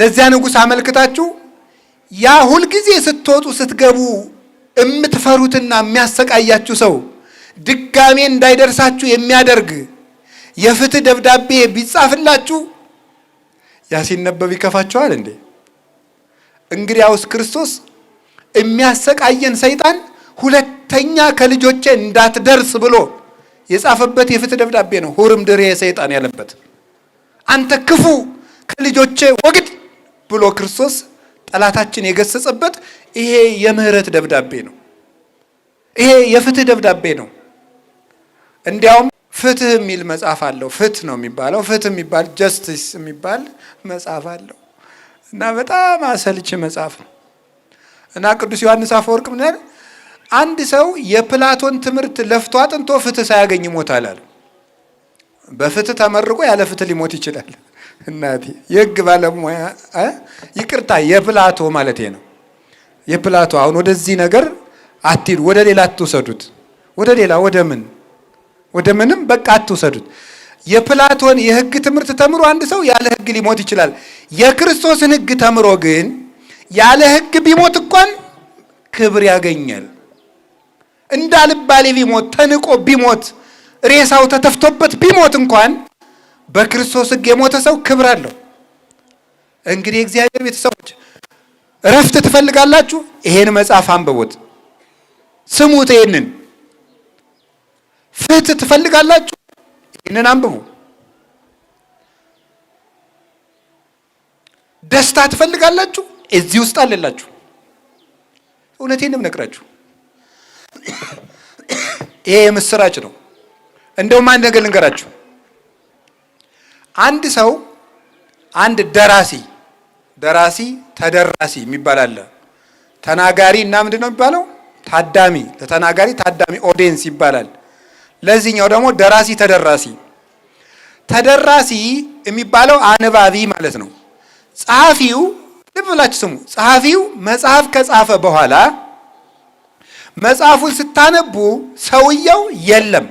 ለዚያ ንጉሥ አመልክታችሁ ያ ሁልጊዜ ስትወጡ ስትገቡ የምትፈሩትና የሚያሰቃያችሁ ሰው ድጋሜ እንዳይደርሳችሁ የሚያደርግ የፍትህ ደብዳቤ ቢጻፍላችሁ ያ ሲነበብ ይከፋችኋል እንዴ? እንግዲያውስ ክርስቶስ የሚያሰቃየን ሰይጣን ሁለተኛ ከልጆቼ እንዳትደርስ ብሎ የጻፈበት የፍትህ ደብዳቤ ነው። ሁርም ድሬ ሰይጣን ያለበት አንተ ክፉ ከልጆቼ ወግድ ብሎ ክርስቶስ ጠላታችን የገሰጸበት ይሄ የምህረት ደብዳቤ ነው። ይሄ የፍትህ ደብዳቤ ነው። እንዲያውም ፍትህ የሚል መጽሐፍ አለው። ፍትህ ነው የሚባለው። ፍትህ የሚባል ጀስቲስ የሚባል መጽሐፍ አለው እና በጣም አሰልች መጽሐፍ ነው እና ቅዱስ ዮሐንስ አፈወርቅ ምን አንድ ሰው የፕላቶን ትምህርት ለፍቶ አጥንቶ ፍትህ ሳያገኝ ይሞታል አለ። በፍትህ ተመርቆ ያለ ፍትህ ሊሞት ይችላል። እናቴ የህግ ባለሙያ ይቅርታ፣ የፕላቶ ማለቴ ነው። የፕላቶ አሁን ወደዚህ ነገር አትሂዱ፣ ወደ ሌላ አትውሰዱት፣ ወደ ሌላ ወደ ምን ወደ ምንም በቃ አትውሰዱት። የፕላቶን የህግ ትምህርት ተምሮ አንድ ሰው ያለ ህግ ሊሞት ይችላል። የክርስቶስን ህግ ተምሮ ግን ያለ ህግ ቢሞት እንኳን ክብር ያገኛል። እንዳልባሌ ቢሞት ተንቆ ቢሞት ሬሳው ተተፍቶበት ቢሞት እንኳን በክርስቶስ ሕግ የሞተ ሰው ክብር አለው። እንግዲህ እግዚአብሔር ቤተሰቦች እረፍት ትፈልጋላችሁ? ይሄን መጽሐፍ አንብቡት፣ ስሙት። ይሄንን ፍትህ ትፈልጋላችሁ? ይሄንን አንብቡ። ደስታ ትፈልጋላችሁ? እዚህ ውስጥ አለላችሁ። እውነቴንም ነግራችሁ ይሄ የምስራች ነው። እንደውም አንድ ነገር ልንገራችሁ። አንድ ሰው አንድ ደራሲ ደራሲ ተደራሲ የሚባል አለ። ተናጋሪ እና ምንድን ነው የሚባለው? ታዳሚ። ለተናጋሪ ታዳሚ ኦዲየንስ ይባላል። ለዚህኛው ደግሞ ደራሲ ተደራሲ። ተደራሲ የሚባለው አንባቢ ማለት ነው። ጸሐፊው ልብ ብላችሁ ስሙ። ጸሐፊው መጽሐፍ ከጻፈ በኋላ መጽሐፉን ስታነቡ ሰውየው የለም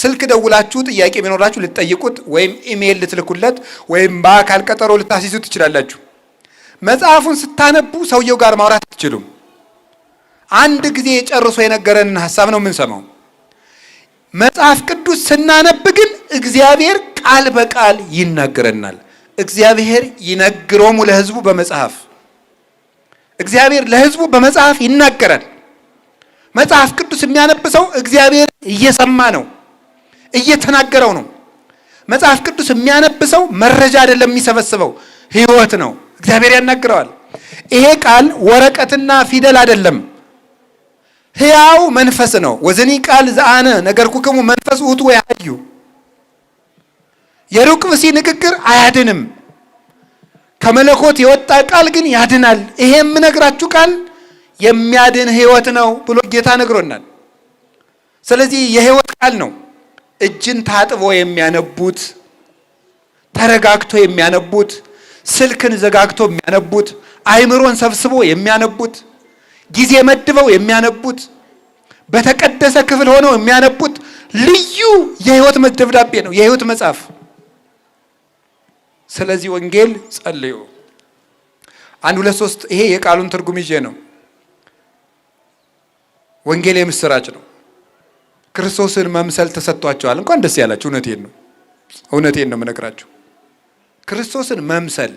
ስልክ ደውላችሁ ጥያቄ ቢኖራችሁ ልትጠይቁት ወይም ኢሜይል ልትልኩለት ወይም በአካል ቀጠሮ ልታስይዙ ትችላላችሁ። መጽሐፉን ስታነቡ ሰውየው ጋር ማውራት አትችሉም። አንድ ጊዜ ጨርሶ የነገረንን ሀሳብ ነው የምንሰማው። መጽሐፍ ቅዱስ ስናነብ ግን እግዚአብሔር ቃል በቃል ይናገረናል። እግዚአብሔር ይነግሮሙ ለሕዝቡ በመጽሐፍ እግዚአብሔር ለሕዝቡ በመጽሐፍ ይናገራል። መጽሐፍ ቅዱስ የሚያነብ ሰው እግዚአብሔር እየሰማ ነው። እየተናገረው ነው። መጽሐፍ ቅዱስ የሚያነብ ሰው መረጃ አይደለም የሚሰበስበው፣ ህይወት ነው። እግዚአብሔር ያናግረዋል። ይሄ ቃል ወረቀትና ፊደል አይደለም፣ ህያው መንፈስ ነው። ወዘኒ ቃል ዘአነ ነገርኩክሙ መንፈስ ውእቱ ወያሕዩ። የሩቅ ብሲ ንግግር አያድንም፣ ከመለኮት የወጣ ቃል ግን ያድናል። ይሄ የምነግራችሁ ቃል የሚያድን ህይወት ነው ብሎ ጌታ ነግሮናል። ስለዚህ የህይወት ቃል ነው። እጅን ታጥቦ የሚያነቡት፣ ተረጋግቶ የሚያነቡት፣ ስልክን ዘጋግቶ የሚያነቡት፣ አይምሮን ሰብስቦ የሚያነቡት፣ ጊዜ መድበው የሚያነቡት፣ በተቀደሰ ክፍል ሆነው የሚያነቡት ልዩ የህይወት ደብዳቤ ነው፣ የህይወት መጽሐፍ። ስለዚህ ወንጌል ጸልዩ። አንድ ሁለት ሶስት። ይሄ የቃሉን ትርጉም ይዤ ነው። ወንጌል የምስራች ነው። ክርስቶስን መምሰል ተሰጥቷቸዋል። እንኳን ደስ ያላችሁ። እውነቴን ነው፣ እውነቴን ነው የምነግራችሁ። ክርስቶስን መምሰል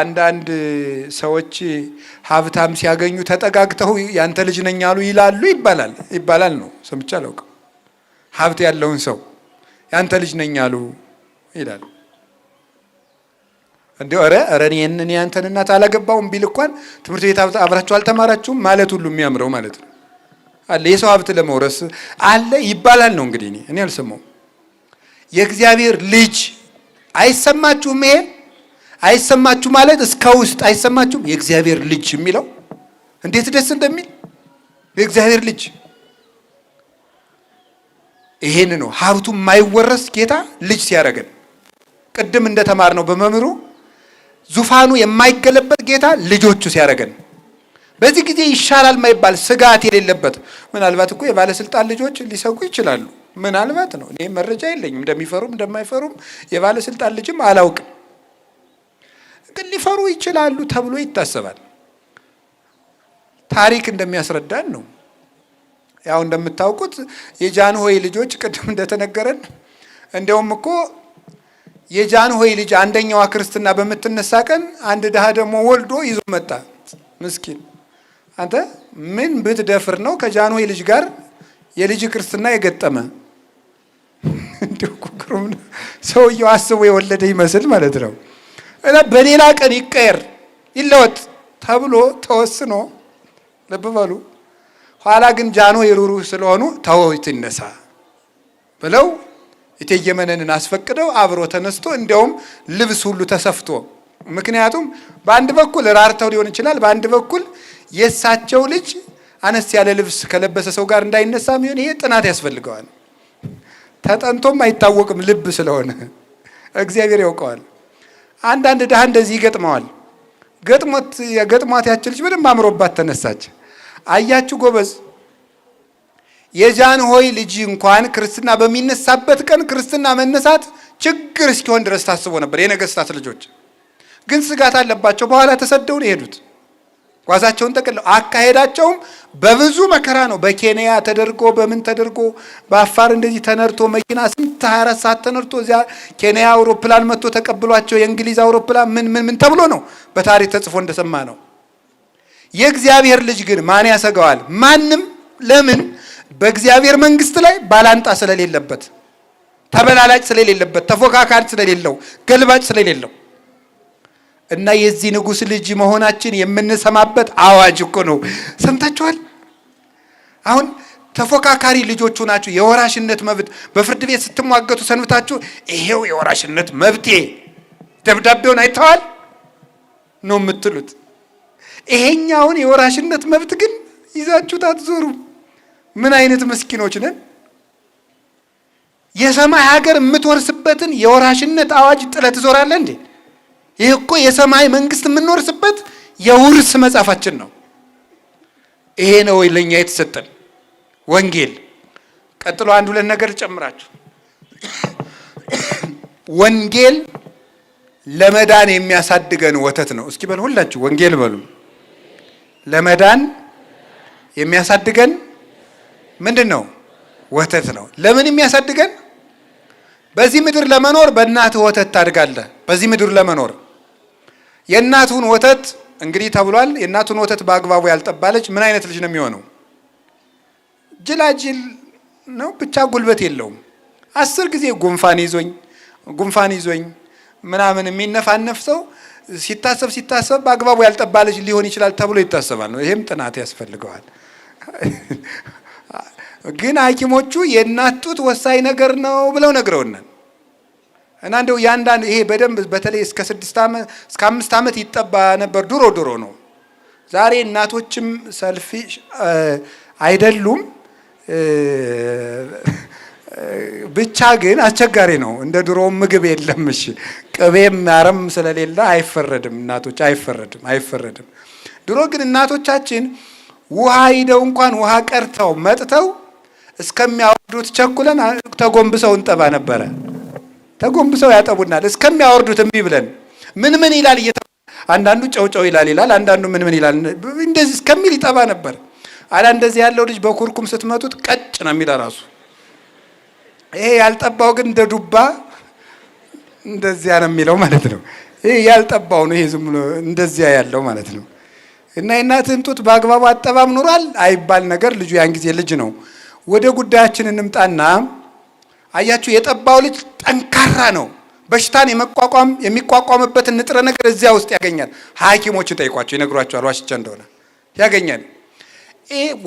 አንዳንድ ሰዎች ሀብታም ሲያገኙ ተጠጋግተው ያንተ ልጅ ነኝ አሉ ይላሉ ይባላል ይባላል ነው ሰምቼ አላውቅም። ሀብት ያለውን ሰው ያንተ ልጅ ነኝ አሉ ይላል እንዲ ረ ረን ይህንን ያንተን እናት አላገባውም ቢል እንኳን ትምህርት ቤት አብራችሁ አልተማራችሁም ማለት ሁሉ የሚያምረው ማለት ነው። አለ የሰው ሀብት ለመውረስ አለ ይባላል ነው እንግዲህ። እኔ አልሰማሁም። የእግዚአብሔር ልጅ አይሰማችሁም? ይሄ አይሰማችሁ ማለት እስከ ውስጥ አይሰማችሁም? የእግዚአብሔር ልጅ የሚለው እንዴት ደስ እንደሚል የእግዚአብሔር ልጅ ይሄን ነው ሀብቱ የማይወረስ ጌታ ልጅ ሲያደርገን፣ ቅድም እንደተማርነው በመምሩ በመምህሩ ዙፋኑ የማይገለበጥ ጌታ ልጆቹ ሲያደርገን በዚህ ጊዜ ይሻላል ማይባል ስጋት የሌለበት ምናልባት እኮ የባለስልጣን ልጆች ሊሰጉ ይችላሉ። ምናልባት ነው፣ እኔ መረጃ የለኝም እንደሚፈሩም እንደማይፈሩም የባለስልጣን ልጅም አላውቅም። ግን ሊፈሩ ይችላሉ ተብሎ ይታሰባል። ታሪክ እንደሚያስረዳን ነው። ያው እንደምታውቁት የጃንሆይ ልጆች ቅድም እንደተነገረን እንደውም እኮ የጃንሆይ ልጅ አንደኛዋ ክርስትና በምትነሳ ቀን አንድ ድሃ ደግሞ ወልዶ ይዞ መጣ ምስኪን አንተ ምን ብትደፍር ነው ከጃንሆይ ልጅ ጋር የልጅ ክርስትና የገጠመ? እንዲሁ ሰውየው አስቦ የወለደ ይመስል ማለት ነው። እና በሌላ ቀን ይቀየር ይለወጥ ተብሎ ተወስኖ ልብ በሉ። ኋላ ግን ጃኖ የሩሩ ስለሆኑ ተወት ይነሳ ብለው እቴጌ መነንን አስፈቅደው አብሮ ተነስቶ እንዲያውም ልብስ ሁሉ ተሰፍቶ ምክንያቱም በአንድ በኩል ራርተው ሊሆን ይችላል፣ በአንድ በኩል የእሳቸው ልጅ አነስ ያለ ልብስ ከለበሰ ሰው ጋር እንዳይነሳ የሚሆን ይሄ ጥናት ያስፈልገዋል። ተጠንቶም አይታወቅም። ልብ ስለሆነ እግዚአብሔር ያውቀዋል። አንዳንድ ድሃ እንደዚህ ይገጥመዋል። ገጥሞት ገጥሟት ያች ልጅ ምንም አምሮባት ተነሳች። አያችሁ ጎበዝ፣ የጃን ሆይ ልጅ እንኳን ክርስትና በሚነሳበት ቀን ክርስትና መነሳት ችግር እስኪሆን ድረስ ታስቦ ነበር። የነገስታት ልጆች ግን ስጋት አለባቸው። በኋላ ተሰደው ነው የሄዱት። ጓዛቸውን ጠቅለው አካሄዳቸውም በብዙ መከራ ነው። በኬንያ ተደርጎ በምን ተደርጎ በአፋር እንደዚህ ተነርቶ መኪና ስንት 24 ሰዓት ተነርቶ እዚያ ኬንያ አውሮፕላን መጥቶ ተቀብሏቸው የእንግሊዝ አውሮፕላን ምን ምን ምን ተብሎ ነው በታሪክ ተጽፎ እንደሰማ ነው። የእግዚአብሔር ልጅ ግን ማን ያሰገዋል? ማንም። ለምን? በእግዚአብሔር መንግስት ላይ ባላንጣ ስለሌለበት፣ ተበላላጭ ስለሌለበት፣ ተፎካካሪ ስለሌለው፣ ገልባጭ ስለሌለው እና የዚህ ንጉሥ ልጅ መሆናችን የምንሰማበት አዋጅ እኮ ነው። ሰምታችኋል? አሁን ተፎካካሪ ልጆቹ ናችሁ። የወራሽነት መብት በፍርድ ቤት ስትሟገቱ ሰንብታችሁ ይሄው የወራሽነት መብቴ ደብዳቤውን አይተዋል ነው የምትሉት። ይሄኛውን የወራሽነት መብት ግን ይዛችሁት አትዞሩም። ምን አይነት ምስኪኖች ነን! የሰማይ ሀገር የምትወርስበትን የወራሽነት አዋጅ ጥለት ትዞራለህ እንዴ? ይህ እኮ የሰማይ መንግስት የምንወርስበት የውርስ መጽሐፋችን ነው። ይሄ ነው ለእኛ የተሰጠን ወንጌል። ቀጥሎ አንድ ሁለት ነገር ጨምራችሁ ወንጌል ለመዳን የሚያሳድገን ወተት ነው። እስኪ በል ሁላችሁ ወንጌል በሉ። ለመዳን የሚያሳድገን ምንድን ነው? ወተት ነው። ለምን የሚያሳድገን? በዚህ ምድር ለመኖር በእናትህ ወተት ታድጋለህ። በዚህ ምድር ለመኖር የእናቱን ወተት እንግዲህ ተብሏል። የእናቱን ወተት በአግባቡ ያልጠባለች ምን አይነት ልጅ ነው የሚሆነው? ጅላጅል ነው ብቻ ጉልበት የለውም። አስር ጊዜ ጉንፋን ይዞኝ ጉንፋን ይዞኝ ምናምን የሚነፋነፍ ሰው ሲታሰብ ሲታሰብ በአግባቡ ያልጠባለች ሊሆን ይችላል ተብሎ ይታሰባል። ነው ይህም ጥናት ያስፈልገዋል። ግን ሐኪሞቹ የእናት ጡት ወሳኝ ነገር ነው ብለው ነግረውናል። እና እንደው ያንዳንድ ይሄ በደንብ በተለይ እስከ ስድስት ዓመት እስከ አምስት ዓመት ይጠባ ነበር። ድሮ ድሮ ነው። ዛሬ እናቶችም ሰልፊ አይደሉም። ብቻ ግን አስቸጋሪ ነው። እንደ ድሮ ምግብ የለም። እሺ ቅቤም አረም ስለሌለ አይፈረድም። እናቶች አይፈረድም፣ አይፈረድም። ድሮ ግን እናቶቻችን ውሃ ሂደው እንኳን ውሃ ቀርተው መጥተው እስከሚያወርዱት ቸኩለን ተጎንብሰው እንጠባ ነበረ። ተጎንብሰው ያጠቡናል እስከሚያወርዱት እምቢ ብለን ምን ምን ይላል እየተ አንዳንዱ ጨው ጨው ይላል ይላል፣ አንዳንዱ ምን ምን ይላል እንደዚህ እስከሚል ይጠባ ነበር። አላ እንደዚህ ያለው ልጅ በኩርኩም ስትመቱት ቀጭ ነው የሚል ራሱ። ይሄ ያልጠባው ግን እንደ ዱባ እንደዚያ ነው የሚለው ማለት ነው። ይሄ ያልጠባው ነው፣ ይሄ ዝም ብሎ እንደዚያ ያለው ማለት ነው። እና የእናትህን ጡት በአግባቡ አጠባም ኑሯል አይባል ነገር። ልጁ ያን ጊዜ ልጅ ነው። ወደ ጉዳያችን እንምጣና አያችሁ፣ የጠባው ልጅ ጠንካራ ነው። በሽታን የመቋቋም የሚቋቋምበትን ንጥረ ነገር እዚያ ውስጥ ያገኛል። ሐኪሞች ጠይቋቸው ይነግሯቸዋል። ዋሽቼ እንደሆነ ያገኛል።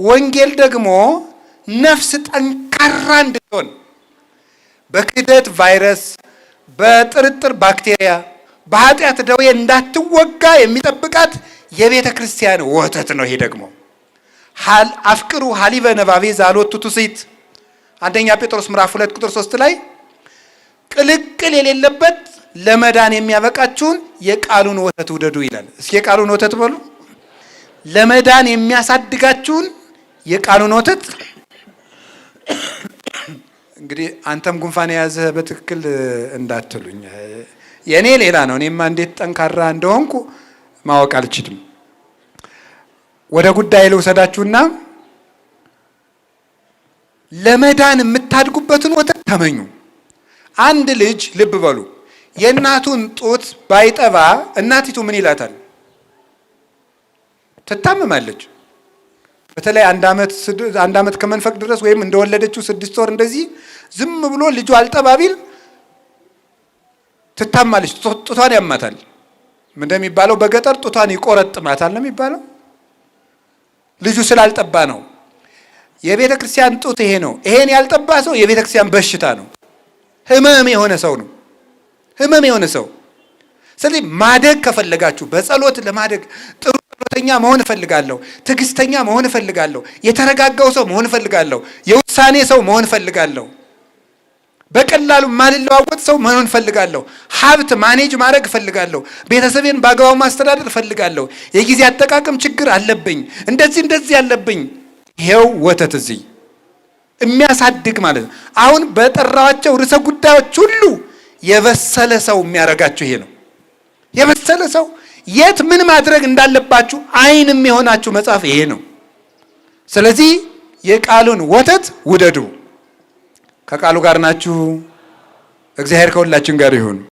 ወንጌል ደግሞ ነፍስ ጠንካራ እንድትሆን በክህደት ቫይረስ፣ በጥርጥር ባክቴሪያ፣ በኃጢአት ደዌ እንዳትወጋ የሚጠብቃት የቤተ ክርስቲያን ወተት ነው። ይሄ ደግሞ አፍቅሩ ሀሊበ ነባቤ ዛሎቱ ትስብእት አንደኛ ጴጥሮስ ምዕራፍ ሁለት ቁጥር ሶስት ላይ ቅልቅል የሌለበት ለመዳን የሚያበቃችሁን የቃሉን ወተት ውደዱ ይላል። እስኪ የቃሉን ወተት በሉ። ለመዳን የሚያሳድጋችሁን የቃሉን ወተት እንግዲህ አንተም ጉንፋን የያዘህ በትክክል እንዳትሉኝ፣ የእኔ ሌላ ነው። እኔማ እንዴት ጠንካራ እንደሆንኩ ማወቅ አልችልም። ወደ ጉዳይ ልውሰዳችሁና ለመዳን የምታድጉበትን ወተት ተመኙ። አንድ ልጅ ልብ በሉ፣ የእናቱን ጡት ባይጠባ እናቲቱ ምን ይላታል? ትታመማለች። በተለይ አንድ ዓመት ከመንፈቅ ድረስ ወይም እንደወለደችው ስድስት ወር እንደዚህ ዝም ብሎ ልጁ አልጠባ ቢል ትታማለች። ጡቷን ያማታል። እንደሚባለው በገጠር ጡቷን ይቆረጥማታል ነው የሚባለው። ልጁ ስላልጠባ ነው። የቤተ ክርስቲያን ጡት ይሄ ነው። ይሄን ያልጠባ ሰው የቤተ ክርስቲያን በሽታ ነው፣ ህመም የሆነ ሰው ነው፣ ህመም የሆነ ሰው። ስለዚህ ማደግ ከፈለጋችሁ በጸሎት ለማደግ ጥሩ ጸሎተኛ መሆን እፈልጋለሁ፣ ትዕግስተኛ መሆን እፈልጋለሁ፣ የተረጋጋው ሰው መሆን እፈልጋለሁ፣ የውሳኔ ሰው መሆን እፈልጋለሁ፣ በቀላሉ ማልለዋወጥ ሰው መሆን እፈልጋለሁ፣ ሀብት ማኔጅ ማድረግ እፈልጋለሁ፣ ቤተሰቤን በአግባቡ ማስተዳደር እፈልጋለሁ፣ የጊዜ አጠቃቀም ችግር አለብኝ፣ እንደዚህ እንደዚህ አለብኝ ይሄው ወተት እዚህ የሚያሳድግ ማለት ነው። አሁን በጠራዋቸው ርዕሰ ጉዳዮች ሁሉ የበሰለ ሰው የሚያደርጋችሁ ይሄ ነው። የበሰለ ሰው የት ምን ማድረግ እንዳለባችሁ አይንም የሆናችሁ መጽሐፍ ይሄ ነው። ስለዚህ የቃሉን ወተት ውደዱ። ከቃሉ ጋር ናችሁ። እግዚአብሔር ከሁላችን ጋር ይሁን።